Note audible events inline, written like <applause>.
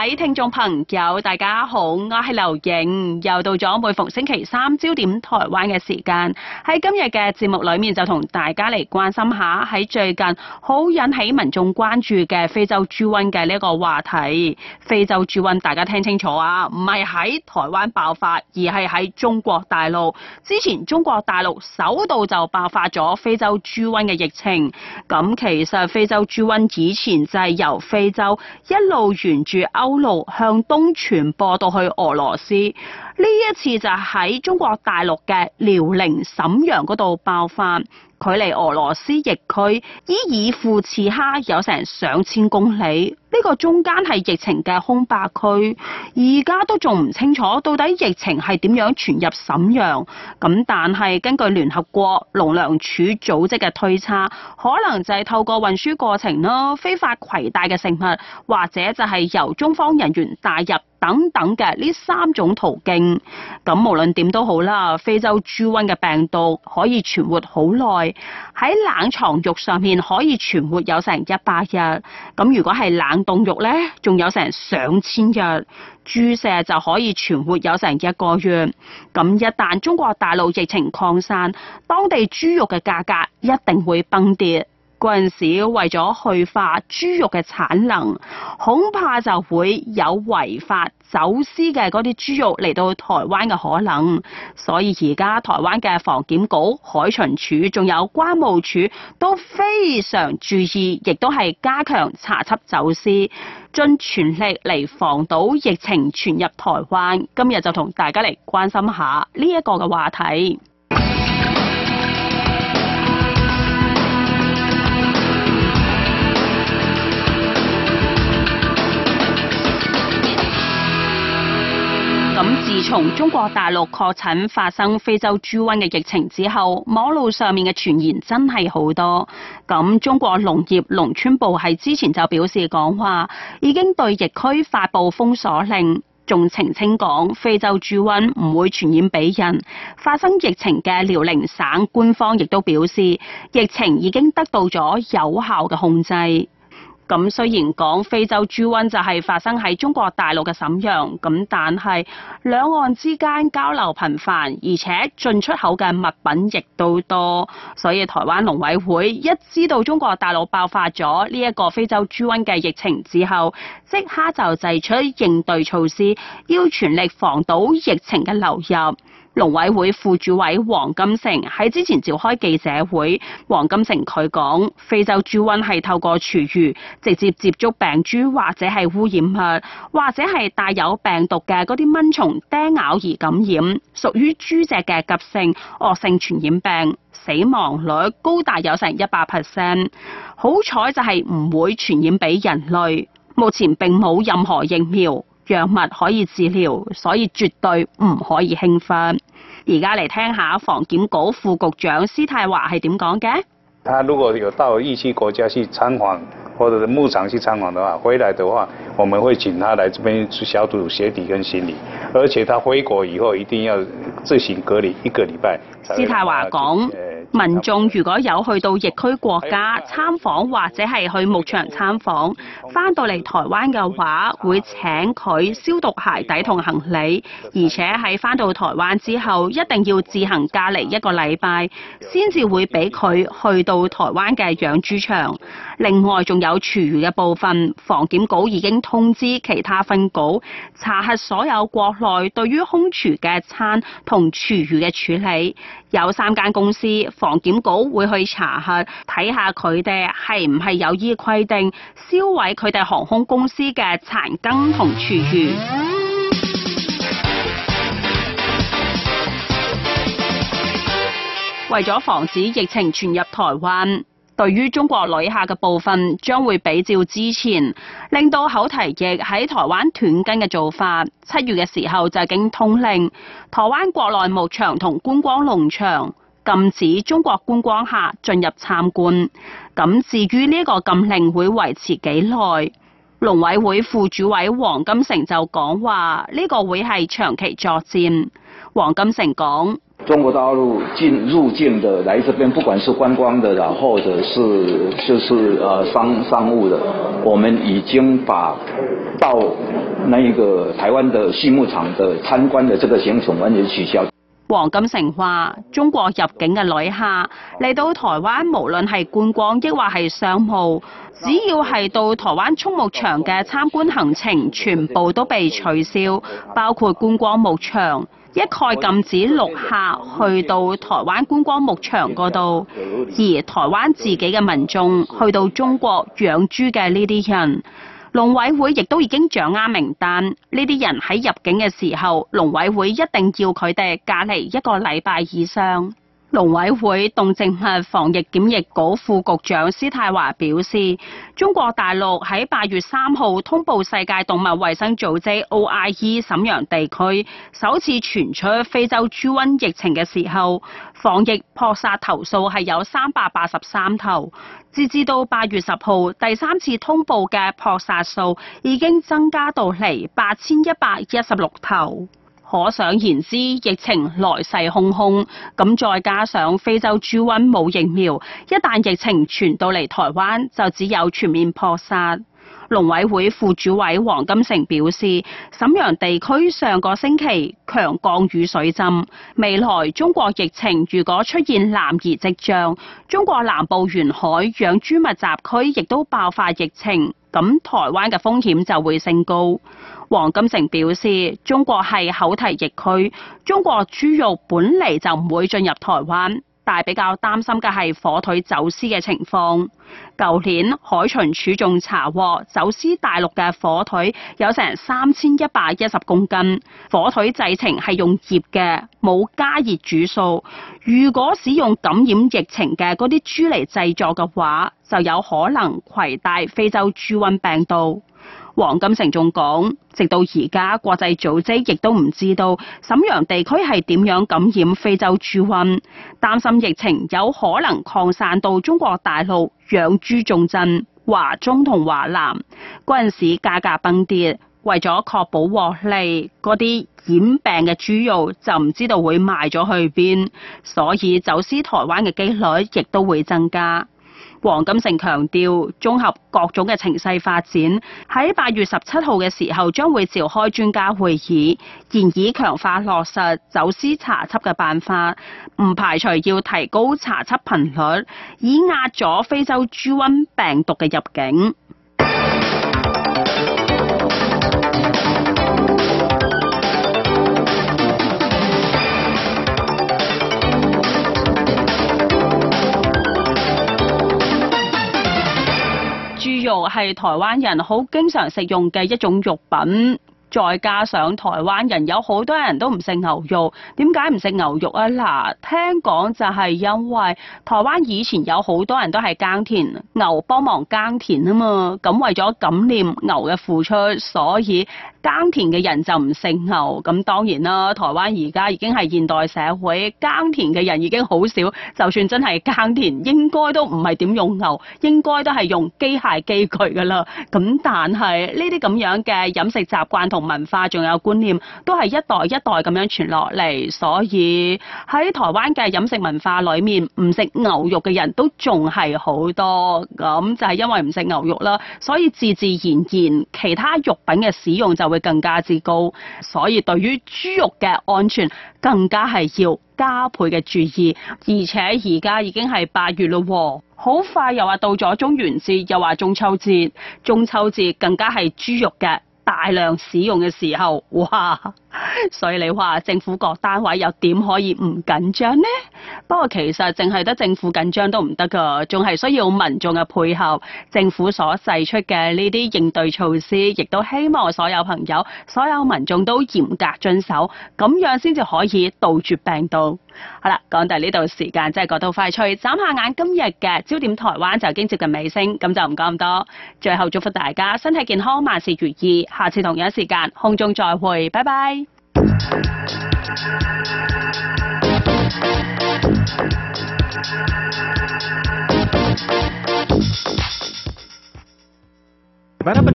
位聽眾朋友，大家好，我係劉穎，又到咗每逢星期三焦點台灣嘅時間。喺今日嘅節目裏面就同大家嚟關心下喺最近好引起民眾關注嘅非洲豬瘟嘅呢個話題。非洲豬瘟大家聽清楚啊，唔係喺台灣爆發，而係喺中國大陸。之前中國大陸首度就爆發咗非洲豬瘟嘅疫情。咁其實非洲豬瘟以前就係由非洲一路沿住歐。路向東傳播到去俄羅斯。呢一次就喺中國大陸嘅遼寧瀋陽嗰度爆發，距離俄羅斯疫區伊爾庫茨克有成上千公里，呢、這個中間係疫情嘅空白區。而家都仲唔清楚到底疫情係點樣傳入瀋陽，咁但係根據聯合國農糧署組織嘅推測，可能就係透過運輸過程咯，非法攜帶嘅食物，或者就係由中方人員帶入。等等嘅呢三種途徑，咁無論點都好啦。非洲豬瘟嘅病毒可以存活好耐，喺冷藏肉上面可以存活有成一百日，咁如果係冷凍肉呢，仲有成上千日。豬舍就可以存活有成一個月。咁一旦中國大陸疫情擴散，當地豬肉嘅價格一定會崩跌。嗰陣時，為咗去化豬肉嘅產能，恐怕就會有違法走私嘅嗰啲豬肉嚟到台灣嘅可能。所以而家台灣嘅防檢局、海巡署仲有關務署都非常注意，亦都係加強查緝走私，盡全力嚟防堵疫情傳入台灣。今日就同大家嚟關心一下呢一個嘅話題。自從中國大陸確診發生非洲豬瘟嘅疫情之後，網路上面嘅傳言真係好多。咁中國農業農村部喺之前就表示講話已經對疫區發布封鎖令，仲澄清講非洲豬瘟唔會傳染俾人。發生疫情嘅遼寧省官方亦都表示，疫情已經得到咗有效嘅控制。咁雖然講非洲豬瘟就係發生喺中國大陸嘅瀋陽，咁但係兩岸之間交流頻繁，而且進出口嘅物品亦都多，所以台灣農委會一知道中國大陸爆發咗呢一個非洲豬瘟嘅疫情之後，即刻就祭出應對措施，要全力防堵疫情嘅流入。農委會副主委黃金城喺之前召開記者會，黃金城佢講：非洲豬瘟係透過廚餘直接接觸病豬或者係污染物，或者係帶有病毒嘅嗰啲蚊蟲叮咬而感染，屬於豬隻嘅急性惡性傳染病，死亡率高達有成一百 percent。好彩就係唔會傳染俾人類，目前並冇任何疫苗。藥物可以治療，所以絕對唔可以興奮。而家嚟聽下防檢局副局長施泰華係點講嘅？他如果有到疫區國家去參訪，或者是牧場去參訪的話，回來的話，我們會請他來這邊去消毒鞋底跟行李，而且他回國以後一定要自行隔離一個禮拜。施泰華講。民眾如果有去到疫區國家參訪或者係去牧場參訪，返到嚟台灣嘅話，會請佢消毒鞋底同行李，而且喺返到台灣之後，一定要自行隔離一個禮拜，先至會俾佢去到台灣嘅養豬場。另外仲有廚餘嘅部分，防檢局已經通知其他分局查核所有國內對於空廚嘅餐同廚餘嘅處理，有三間公司。防檢局會去查下睇下佢哋係唔係有依規定銷毀佢哋航空公司嘅殘羹同廚餘， <music> 為咗防止疫情傳入台灣，對於中國旅客嘅部分將會比照之前令到口蹄疫喺台灣斷根嘅做法。七月嘅時候就已經通令台灣國內牧場同觀光農場。禁止中國觀光客進入參觀。咁至於呢個禁令會維持幾耐？農委會副主委黃金城就講話：呢個會係長期作戰。黃金城講：中國大陸進入境的，來這邊，不管是觀光的或者是就是呃商商務的，我們已經把到那一個台灣的畜牧場的參觀的這個行程完全取消。黃金城話：中國入境嘅旅客嚟到台灣，無論係觀光亦或係商務，只要係到台灣畜牧場嘅參觀行程，全部都被取消，包括觀光牧場，一概禁止旅客去到台灣觀光牧場嗰度。而台灣自己嘅民眾去到中國養豬嘅呢啲人。農委會亦都已經掌握名單，呢啲人喺入境嘅時候，農委會一定要佢哋隔離一個禮拜以上。農委會動植物防疫檢疫局副局長施泰華表示，中國大陸喺八月三號通報世界動物衛生組織 OIE 沈陽地區首次傳出非洲豬瘟疫情嘅時候，防疫撲殺頭數係有三百八十三頭，直至到八月十號第三次通報嘅撲殺數已經增加到嚟八千一百一十六頭。可想而知，疫情來勢洶洶，咁再加上非洲豬瘟冇疫苗，一旦疫情傳到嚟台灣，就只有全面撲殺。農委會副主委黃金城表示，瀋陽地區上個星期強降雨水浸，未來中國疫情如果出現南移跡象，中國南部沿海養豬密集區亦都爆發疫情，咁台灣嘅風險就會升高。黃金城表示，中國係口蹄疫區，中國豬肉本嚟就唔會進入台灣。但比較擔心嘅係火腿走私嘅情況。舊年海巡署仲查獲走私大陸嘅火腿有成三千一百一十公斤。火腿製程係用醃嘅，冇加熱煮熟。如果使用感染疫情嘅嗰啲豬嚟製作嘅話，就有可能攜帶非洲豬瘟病毒。黃金城仲講，直到而家國際組織亦都唔知道瀋陽地區係點樣感染非洲豬瘟，擔心疫情有可能擴散到中國大陸養豬重鎮華中同華南嗰陣時，價格崩跌，為咗確保獲利，嗰啲染病嘅豬肉就唔知道會賣咗去邊，所以走私台灣嘅機率亦都會增加。黃金城強調，綜合各種嘅情勢發展，喺八月十七號嘅時候將會召開專家會議，言以強化落實走私查緝嘅辦法，唔排除要提高查緝頻率，以壓阻非洲豬瘟病毒嘅入境。係台灣人好經常食用嘅一種肉品，再加上台灣人有好多人都唔食牛肉，點解唔食牛肉啊？嗱，聽講就係因為台灣以前有好多人都係耕田，牛幫忙耕田啊嘛，咁為咗感念牛嘅付出，所以。耕田嘅人就唔食牛，咁當然啦。台灣而家已經係現代社會，耕田嘅人已經好少，就算真係耕田，應該都唔係點用牛，應該都係用機械機具㗎喇。咁但係呢啲咁樣嘅飲食習慣同文化，仲有觀念，都係一代一代咁樣傳落嚟，所以喺台灣嘅飲食文化裏面，唔食牛肉嘅人都仲係好多，咁就係因為唔食牛肉啦，所以自自然然其他肉品嘅使用就。會更加之高，所以對於豬肉嘅安全更加係要加倍嘅注意，而且而家已經係八月咯，好快又話到咗中元節，又話中秋節，中秋節更加係豬肉嘅。大量使用嘅時候，哇！所以你話政府各單位又點可以唔緊張呢？不過其實淨係得政府緊張都唔得噶，仲係需要民眾嘅配合。政府所制出嘅呢啲應對措施，亦都希望所有朋友、所有民眾都嚴格遵守，咁樣先至可以杜絕病毒。好啦，講到呢度時間真係過得快脆，眨下眼今日嘅焦點台灣就已經接近尾聲，咁就唔講咁多。最後祝福大家身體健康，萬事如意。下次同樣時間，空中再會，拜拜。